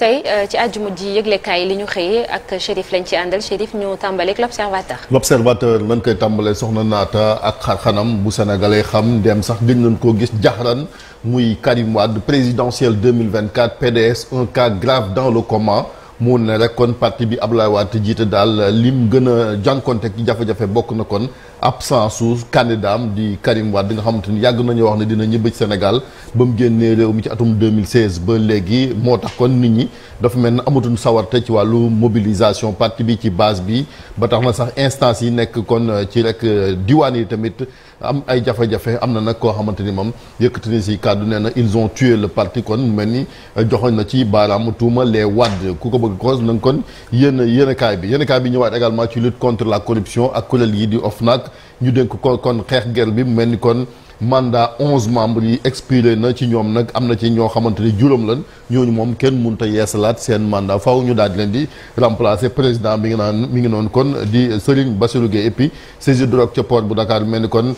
tey euh, ci àjjuma ji yëglekaay li ñu xëyee ak Chérif lañ ci àndal Chérif ñu tàmbaleeg l'observateur. l'observateur lañ koy tàmbalee soxna naata ak xarxanam bu sénégalais xam dem sax gën nañ koo gis jaxaran muy Karim Wade présidentielle 2024 PDS un cas grave dans le coma. mu ne rek kon parti bi ab Abdoulaye Wade jiite daal lim gën a jànkonte ki jafe-jafe bokk na kon absence su candidat am di Karim waat dinga xamante ni yàgg nañu wax ne dina ñibbëj Sénégal ba mu génnee réew mi ci atum 2016 ba léegi moo tax kon nit ñi dafa mel ne amatuñ sawarte ci wàllu mobilisation parti bi ci base bi ba tax na sax instance yi nekk kon ci rek diwaan yi tamit am ay jafe-jafe am na nag koo xamante ni moom yëkkati ni si kàddu nee na ils ont tué le parti kon mel ni euh, joxoñ na ci baaraamu tuuma les Wade ku ko bëgg cause na kon yéen yéen kaay bi yéen kaay bi ñëwaat également ci lutte contre la corruption ak kuréel yi di nag ñu dénk ko kon xeex guerre bi mu mel ni kon mandat onze membres yi expiré na ci ñoom nag am na ci ñoo xamante ni juróom lan ñooñu moom kenn mënut a yeesalaat seen mandat faw ñu daal leen di remplacer président bi nga naan mi ngi noonu kon di Serigne Bassirou Gueye et puis saisie ca port bu Dakar mel ni kon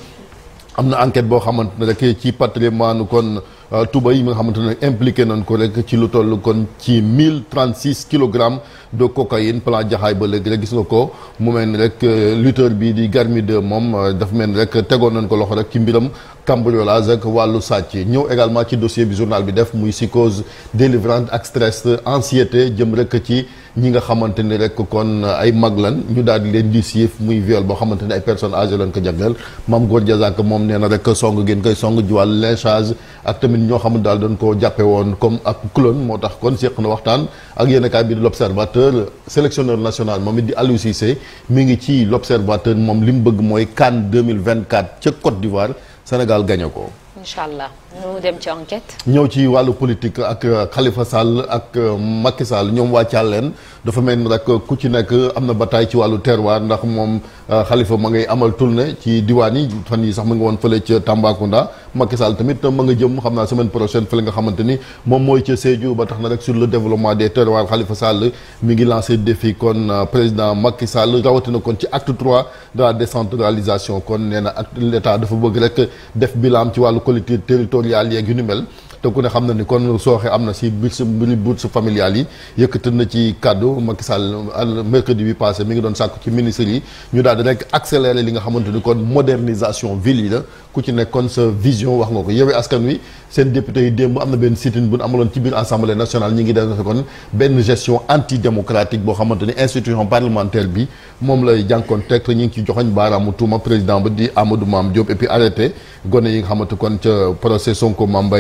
am na enquête boo xamante ne rek ci patrimoine kon. Euh, tubay yi nga xamante ne impliqué nañ ko rek ci lu toll kon ci mille trente six kilogrammes de cocaïne plan jaxaay ba léegi rek gis nga ko mu mel ni rek euh, lutteur bi di Garmi de moom euh, dafa mel ni rek tegoon nañ ko loxo rek ci mbiram. cambriolage ak wàllu sàcc ñëw également ci dossier bi journal bi def muy psychose délivrante ak stress anxiété jëm rek ci ñi nga xamante ni rek kon ay mag lan ñu daal di leen di siif muy viol boo xamante ni ay personnes âgées lañ ko jagleel Mame Gor Diazaka moom nee na rek song gen koy song ji wàllu lynchage ak tamit ñoo xam daal dañ koo jàppe woon comme ak clone moo tax kon séq na waxtaan ak yéen kaay bi di l'observateur sélectionneur national moom it di ngi ci l'observateur moom li mu bëgg mooy CAN 2024 ca Côte d'Ivoire Sénégal gañe ko. incha allah. ñu dem ci enquête. ñëw ci wàllu politique ak euh, Khalifa Sall ak euh, Macky Sall ñoom waa Thialène dafa mel ni rek ku ci nekk am na bataille ci wàllu terroir ndax moom euh, Khalifa ma ngay amal tournée ci diwaan yi fan yi sax ma nga woon fële ca Tambacounda Macky Sall tamit ma nga jëm xam naa semaine prochaine fële nga xamante ni moom mooy ca Sédhiou ba tax na rek sur le développement des terroirs Khalifa Sall mi ngi lancé défi kon président Macky Sall rawatina kon ci acte trois de la décentralisation kon nee na acte dafa bëgg rek def bilan ci wàllu collectivité territoriale awliya yeeg yu ni mel te ku ne xam na ni kon sooxe am na si bourse bourse familiale yi yëkkati na ci kàddu Macky Sall bi passé mi ngi doon sàkku ci ministre yi ñu daal di rek accélérer li nga xamante ni kon modernisation ville yi la ku ci nekk kon sa vision wax nga ko Yewwi Askan Wi seen député yi démb am na benn sit-in bu amaloon ci biir assemblée nationale ñi ngi def kon benn gestion antidémocratique boo xamante ni institution parlementaire bi moom lay jànkoon tekk ñi ngi ci joxoñ baaraamu tuuma président ba di Amadou Mame Diop et puis yi nga xamante kon ca procès Sonko Mame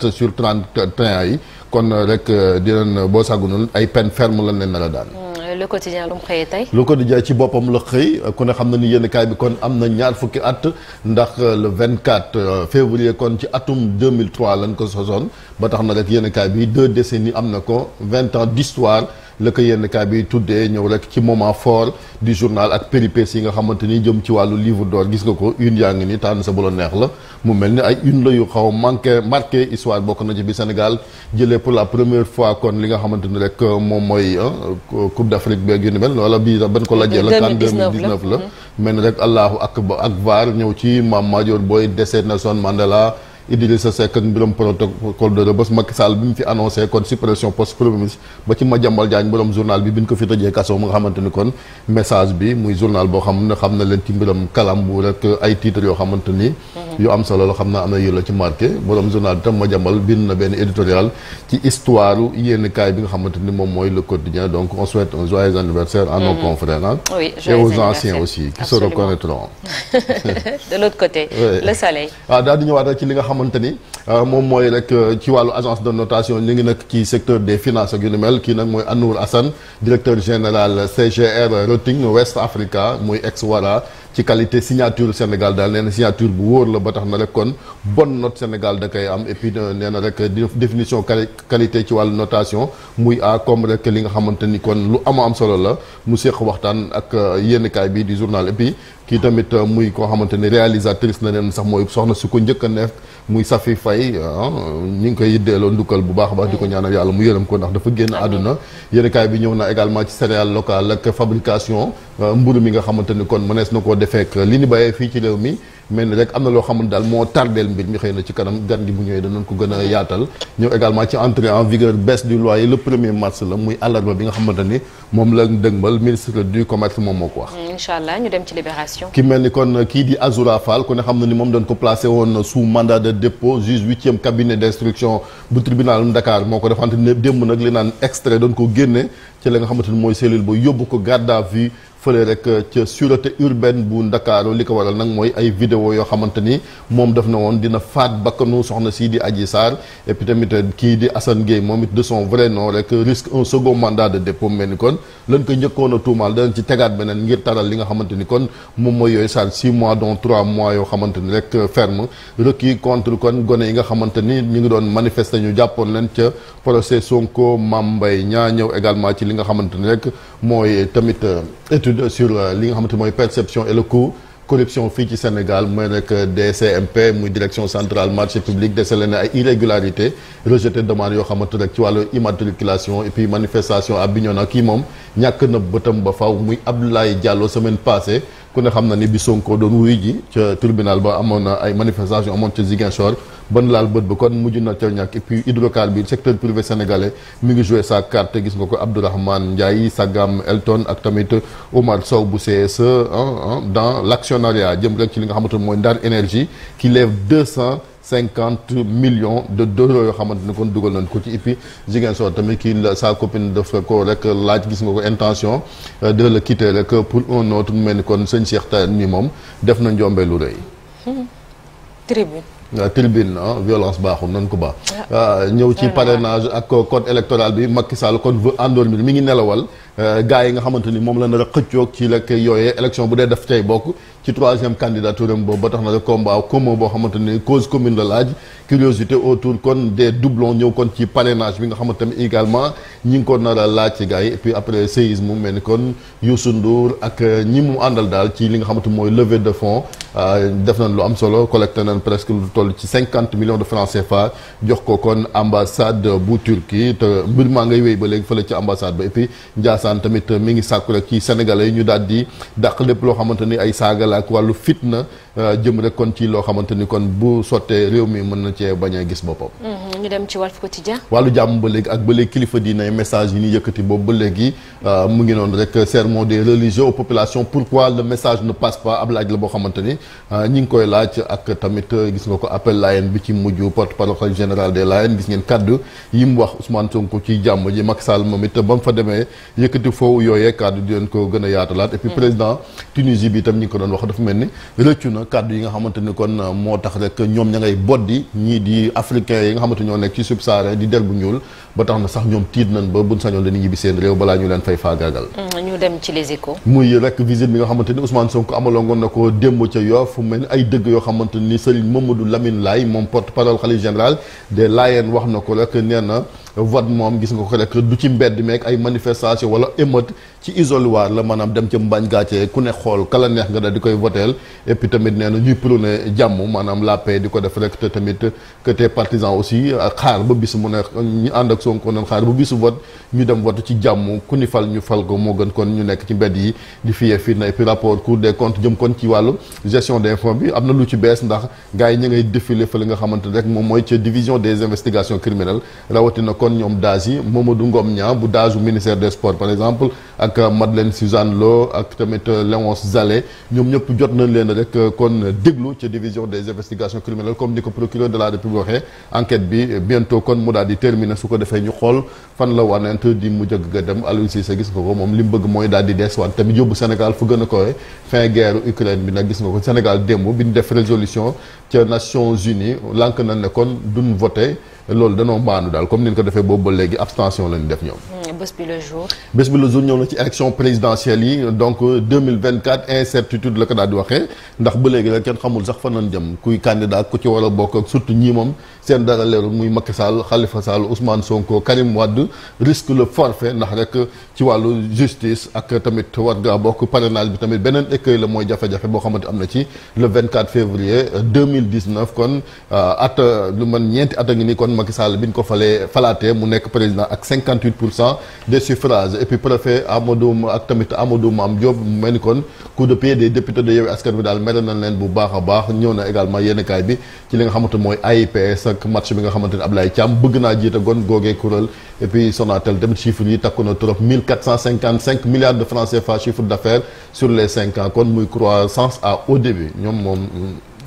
17 sur 31 yi kon euh, rek euh, dinañ euh, boo sàggunul ay peine ferme lañ leen a daan. Hmm, le quotidien lu mu xëyee tey. le quotidien ci boppam la xëy ku ne xam na ni yéen kaay bi kon am na ñaar fukki at ndax le 24 février kon ci atum 2003 lañ ko sosoon ba tax na rek yéen kaay bi deux décennies am na ko 20 ans d'histoire la yenn kaay bi tuddee ñëw rek ci moment fort di journal ak péripéties yi nga xamante ni jëm ci wàllu livre d'or gis nga ko une yaa ngi ni tànn sa bu la neex la mu mel ni ay une la yu xaw manqué marqué histoire bokk na ci bi Sénégal jëlee pour la première fois kon li nga xamante ni rek euh, moom mooy euh, Coupe d'Afrique beeg yu ni mel wala bii ban ko la lajjee la kan 2019 la mel ni rek allahu akbar ak VAR ñëw ci Mame Madior Boye décès Nelson Mandela Idrissa Seck ak mbiram protocole de Rebeuss Macky Sall bi mu fi annoncé kon suppression poste premier ba ci Madiambal Diagne borom journal bi bi ñu ko fi tëjee kaso mu nga xamante kon message bi muy journal boo xam ne xam na leen ci mbiram kalam rek ay titres yoo xamante ni. am solo la xam naa am na yu la ci marqué borom journal bi tam Madiambal bind na benn éditorial ci histoire yéen kaay bi nga xamante moom mooy le quotidien donc on xamante ni euh, moom mooy rek euh, ci wàllu agence de notation ñu ngi nag ci secteur des finance ak yu mel kii nag mooy Anour Assane directeur général CGR Rating West Africa muy ex Wara ci qualité signature Sénégal daal nee na signature bu wóor la ba tax na rek kon bonne note Sénégal da koy am et puis euh, nee na rek définition qualité ci wàllu notation muy a comme rek li nga xamante ni kon lu ama am solo la mu séq waxtaan ak yéenekaay bi di journal et kii tamit euh, muy koo xamante ne réalisatrice la neen sax mooy soxna si ko njëkk a nekk muy Safi Faye ah, ñu ngi koy yiddeeloo ndukkal bu baax a baax di ko mm. ñaanal yàlla mu yërëm ko ndax dafa génn àdduna yërekaay bi ñëw na également ci céréales local ak fabrication euh, mburu mi nga xamante ni kon mënees na koo defeek euh, li ni bayee fii ci réew mi mel ni rek am na loo xam ne daal moo tardeel mbir mi xëy na ci kanam gan gi bu ñëwee danañ ko gën a yaatal ñëw également ci entrée en vigueur baisse du loyer le premier mars la muy alarme bi nga xamante ni moom la dëgmal ministre du commerce moom moo ko wax. Mm, incha allah ñu ki mel ni kon kii di Azoura Fall ku ne xam na ni moom dañ ko placé woon sous mandat de dépôt juge huitième cabinet d'instruction bu tribunal Dakar moo ko defante ne démb nag li naan extrait doon ko génne nga xamante ni mooy cellule ba yóbbu ko garde fële rek euh, ca sûreté urbaine bu ndakaaru li ko waral nag mooy ay vidéo yoo xamante ni moom def na woon dina faat bakkanu soxna sii di Adji Sarr et puis tamit euh, kii di Assane Gueye moom it de son vrai no rek euh, risque un second mandat de dépôt ni kon lañ ko njëkkoon a tuumaal danañ ci tegaat beneen ngir taral li nga xamante ni kon moom mooy yooyu Sarr six mois dont trois mois yoo xamante ni rek ferme requis contre kon gone yi nga xamante ni ñu ngi doon manifester ñu jàppoon leen ca procès Sonko Mame Mbaye ñaa ñëw également ci li nga xamante ni rek mooy tamit étude euh, li nga xamante mooy perception et le coût corruption fii ci Sénégal mooy nag euh, DCMP muy direction centrale marché public décelé na ay irrégularités rejeté demande yoo xamante rek ci wàll wàllu immatriculation et puis manifestation à Bignona kii moom ñàkk na bëtam ba faw muy ab Abdoulaye Diallo semaine passée ku ne xam na ni bi Sonko doon wuyu ji ca tribunal ba amoon na ay manifestation amoon ca Ziguinchor ban laal bët ba kon mujj na ca ñàkk et puis hydrocar bi secteur privé sénégalais mi ngi joué sa carte gis nga ko Abdourahmane Ndiaye Sagam Elton ak tamit Omar Sow bu CSE dans l'actionnariat jëm rek ci li nga xamante mooy Ndar énergie ki lève deux cent cinquante millions de dollars yoo xamante ne kon dugal nañ ko ci et puis Ziguinchor tamit kii sa copine daf ko rek laaj gis nga ko intention euh, de le quitter rek pour un nootu mel ni kon sëñ Cheikh Tall mi moom def na njombe lu rëy. Ah, tribune ah, violence baaxul nan ko baax. Ah, ñëw ci parrainage ak code électoral bi Macky Sall kon veut àndoon bi mi ngi nelawal eh, gars yi nga xamante ni moom la nar a xëccoog ci la koy yooyee élection bu dee def tey bokk. ci troisième candidature am boobu ba tax na combat commun boo xamante ne cause commune la laaj curiosité autour kon des doublons ñëw kon ci parrainage bi nga xamante tamit également ñi ngi ko nar a laaj ci gars yi et puis après séisme mu ni kon Youssou Ndour mu àndal daal ci li nga xamante mooy levée de fonds euh, def nañ lu am solo collecté nañ presque lu toll ci cinquante millions de francs CFA ko kon ambassade bu Turquie te mbir maa ngay wéy ba léegi ci ambassade ba et puis tamit mi ngi sàkku rek ci Sénégalais yi ñu daal di dàq lépp loo xamante ni ay saagal laa ak wàllu fitna euh, jëm rek kon ci loo xamante ni kon bu sottee réew mi mën na cee bañ gis boppam. Mm-hmm. ñu dem ci Walf Quotidien. wàllu jàmm ba léegi ak ba léegi kilifa diine message yi ñuy yëkkati boobu ba léegi euh, mu ngi noonu rek sermon de religieux aux populations pourquoi le message ne passe pas ab laaj la boo xamante ni euh, ñi ngi koy laaj ak tamit gis nga ko appel Layène bi ci mujj porte-parole général des Layènes gis ngeen kaddu yi mu wax Ousmane Sonko ci jàmm ji Macky Sall moom it ba mu fa demee yëkkati foofu yooyee kaddu ko gën a yaatalaat. et loxo dafa mel ni rëccu na kàddu yi nga xamante kon euh, moo tax rek ñoom ña ngay boddi ñii di africain yi nga xamante ñoo nekk ci subsaharin di der bu ñuul ba tax na sax ñoom tiit nañ ba buñ sañoon dañuy ñibbi seen réew balaa ñu leen fay faagaagal mm, ñu dem ci les échos muy rek visite bi nga xamante ni Ousmane Sonko amaloon na ko démb ca Yoff mel ni ay dëgg yoo xamante ni Serigne Mamadou Lamine Laye moom porte-parole xalif général des Layènes wax na ko rek ci isoloir la maanaam dem ca mbañ gàccee ku ne xool kala nga da di koy voteel et puis tamit nee na ñuy prôné jàmm maanaam la paix di ko def rek te tamit que tes aussi euh, xaar ba bis mu ne ñu ànd ak Sonko noonu xaar ba bisu vote ñu dem vote ci jàmm ku ni fal ñu fal ko moo gën kon ñu nekk ci mbedd yi di fiye fii na et puis rapport Cour des comptes jëm kon ci wàllu gestion des fonds bi am na lu ci bees ndax gars yi ñu ngay défilé fa li nga xamante rek moom mooy ca division des investigations criminelles rawatina kon ñoom daas yi Mamadou Ngom ñaa bu daasu ministère des sports par exemple ak euh, Madeleine Suzanne Lo ak tamit euh, Léonce Zalé ñoom ñëpp jot nañ leen rek euh, kon déglu ci division des investigations criminelles comme ni ko procureur de la République waxee enquête bi bientôt kon mu daal di terminer su ko defee ñu xool fan la wanent di mu jëgg ga dem Aliou Cissé gis nga ko moom li mu bëgg mooy daal di des waat tamit yóbbu Sénégal fu gën a kowe fin guerre Ukraine bi nag gis nga ko Sénégal démb bi ñu def résolution ca Nations Unies lànk na ne kon duñ voté loolu danoo maandu daal comme ni ñu ko defee boobu ba léegi abstention la ñu def ñoom. Hmm, bés bi le jour. bés bi le jour ñëw na ci élection présidentielle yi donc euh, incertitude la ko daal di waxee ndax ba léegi rek xamul sax fan jëm kuy candidat ku ci war a bokk ak surtout ñi moom seen dara leerul muy Macky Sall Khalifa Sall Ousmane Sonko Karim Wade risque le forfait ndax rek ci wàllu justice ak tamit war ngaa bokk parrainage bi tamit beneen écueil la mooy jafe-jafe boo xamante am na ci le 24 février 2019 kon euh, at lu man ñeenti at woon Macky Sall bi ñu ko falee falaatee mu nekk président ak pour cent des suffrages et préfet Amadou ak tamit Amadou Mame Diop mel ni kon coup de pied des de Yewwi Askan Wi daal mere nañ leen bu baax baax ñëw na également yéen kaay bi ci li nga xamante mooy AIPS ak match bi nga xamante ne Ablaye Thiam bëgg naa jiite gon googee kuréel et Sonatel tamit chiffre yi takku trop 1455 milliards de francs CFA chiffre d'affaires sur les 5 ans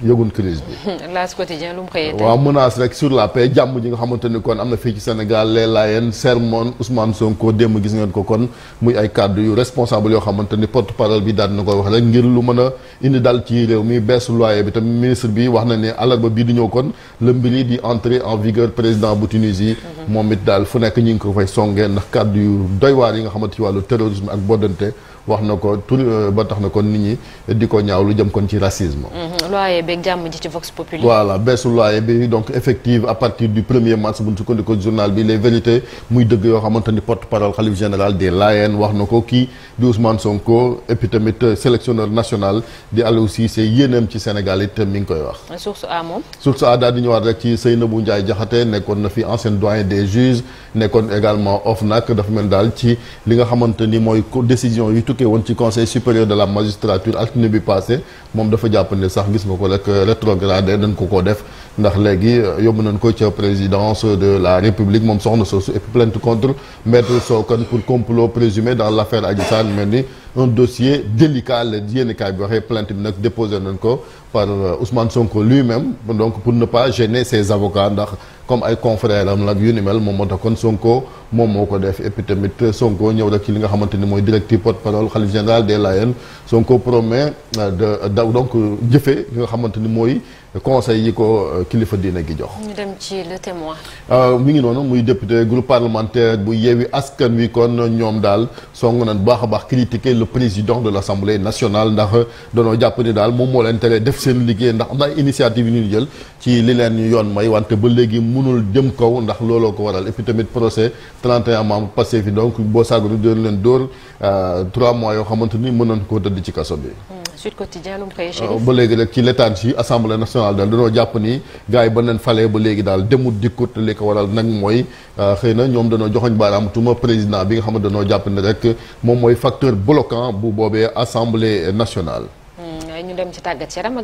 yëgun crise bi. laas quotidien lu mu rek sur la paix jàmm ji nga xamante ni kon am na fii ci Sénégal les Layènes sermon Ousmane Sonko démb gis ngeen ko kon muy ay kàddu yu responsable yoo xamante ni porte parole bi daal na koy wax rek ngir lu mën a indi dal ci réew mi bees loyer bi tamit ministre bi wax na ne alarba bii di ñëw kon la mbiri di entrée en vigueur président bu Tunisie. Mhm. moom it daal fu nekk ñu ngi ko fay songee ndax kàddu yu doy waar yi nga xamante ci wàllu terrorisme ak boddante. wax na ko tout euh, ba tax na kon nit ñi di ko ñaaw lu jëm kon ci racisme. Mm-hmm. loyer beeg jàmm ji ci Vox Populi. voilà baisse loyer bi donc effective à partir du premier mars bu ñu sukkandikoo journal bi les vérités muy dëgg yoo xamante ni porte parole xalif général des Layènes wax na ko kii di Ousmane Sonko et puis sélectionneur national di Aliou Cissé yéeneem ci Sénégal it mi ngi koy wax. source A moom. source A daal di ñëwaat rek ci Seynabou nekkoon na fi ancien doyen des juges nekkoon également OFNAC dafa mel daal ci li nga xamante ni mooy décision yi tukkee woon ci conseil supérieur de la magistrature altine bi passé moom dafa jàpp ne sax gis nga ko rek euh, rétrogradé dañ ko ko def ndax léegi euh, yóbbu nañ ko ca présidence de la république moom soxna soosu et plainte contre maître Sokone pour complot présumé dans l' affaire Adji Sarr mel ni un dossier délicat la yéenekaay bi waxee plainte bi nag déposé nañ ko par euh, Ousmane Sonko lui-même donc pour ne pas gêner ses avocats ndax comme ay confrères am yu ni mel moom moo tax kon Sonko moom moo ko def et puis tamit Sonko ñëw rek ci li nga xamante ni mooy directive porte-parole khalife général des Layènes Sonko promet euh, de euh, donc jëfe li nga xamante ni mooy conseil yi ko kilifa diine gi jox. ñu dem ci le témoin. mi ngi noonu muy député groupe parlementaire bu Yewwi Askan Wi kon a le président de l'Assemblée nationale ndax danoo jàpp ni daal moom moo leen tere def seen liggéey ndax am na initiative yu ñu jël ci li leen yoon may wante ba léegi mënul jëm kaw ndax looloo ko waral et puis tamit procès 31 membres passé fi donc boo saagadu doon leen dóor 3 euh, mois yoo xamante ni mënoon koo tëdd ci kaso bi hmm. Sud Quotidien euh, ba léegi rek ci l'état ci assemblée nationale daal dañoo jàpp ni gars ba leen falee ba léegi daal demut dikkut li ko waral nag mooy euh, xëy na ñoom dañoo joxoñ baaraam tuuma président bi nga xam ne dañoo jàpp ni rek moom mooy facteur bloquant bu boobee assemblée nationale. Hmm, ñu dem ci tàggat yaram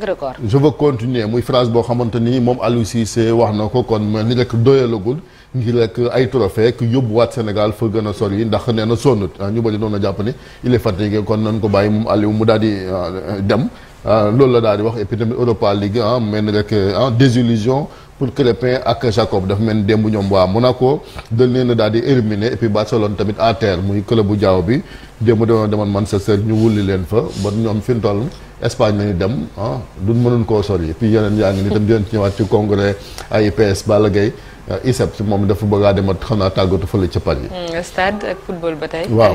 continuer muy phrase boo xamante ni moom Aliou Cissé wax na ko kon ni rek doyalagul. ngir rek ay trophée ku yóbbuwaat Sénégal fa gën a yi ndax nee na sonnut ah, ñu bëri doon na jàpp ne il est fatigué kon nañ ko bàyyi moom Aliou mu daal ah, dem ah, loolu la daal di wax et puis tamit Europa League ah mel ni rek désillusion pour Crépin ak Jacob dafa mel ni démb ñoom waa Monaco dañ leen a daal di éliminer et puis Barcelone tamit à terre muy club bu jaaw bi démb dañoo demoon Manchester ñu wulli leen fa ba ñoom fi mu toll Espagne nañu dem du ah, duñ mënuñ koo sori puis yeneen yaa ngi ni tam dinañ ci ñëwaat ci congrès AIPS Balla Gaye ah, a xam naa tàggatu fële ca Paris. Mm, stade ak football ba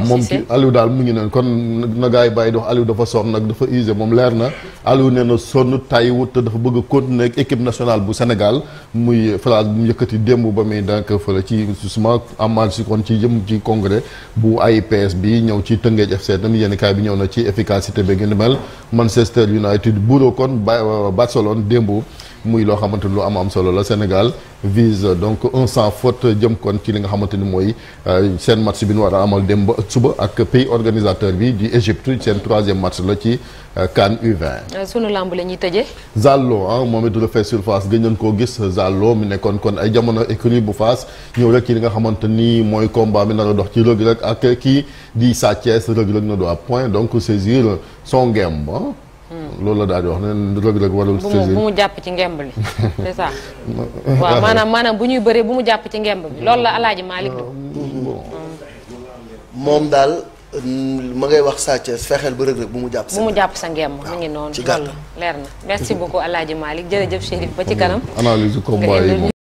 mu ngi noonu kon na gars yi bàyyi di wax Aliou dafa sonn nag dafa moom leer na Aliou nee na sonn bëgg a continuer ak équipe bu Sénégal muy phrase bu mu yëkkati démb ba muy donc fële ci justement amal si kon ci jëm ci congrès bu AIPS bi ñëw ci Tëngéej FC tam yéen kaay bi ñëw na ci efficacité beeg yu ni mel Manchester United buuroo kon euh, Barcelone démb muy loo xamante ni lu am am solo la Sénégal vise euh, donc un sans faute jëm kon ci li nga xamante ni mooy euh, seen match bi ñu war a amal démb suba ak pays organisateur bi di Égypte seen troisième match la ci CAN U20. sunu lamb la ñuy tëjee. Zallo ah moom it refait surface gëj nañ koo gis Zallo mu nekkoon kon ay jamono écurie bu Fass ñëw rek ci li nga xamante ni mooy combat bi na a dox ci Reug Reug ak kii di Sa Thiès Reug na doon point donc saisir son game ah. Hmm. loolu la daal di wax ne rëg rëg warul. saisir bu mu jàpp ci ngemb li c'est ça. waaw maanaam maanaam bu ñuy bëree bu mu jàpp ci ngemb bi loolu la alaaji Malick. moom daal ma ngay wax Sa Thiès fexeel ba rëg rëg bu mu jàpp sa. bu mu jàpp sa ngemb mi ngi noonu. ci gàttal leer na merci beaucoup alaaji Malick jërëjëf Chérif ba ci kanam. analyse combat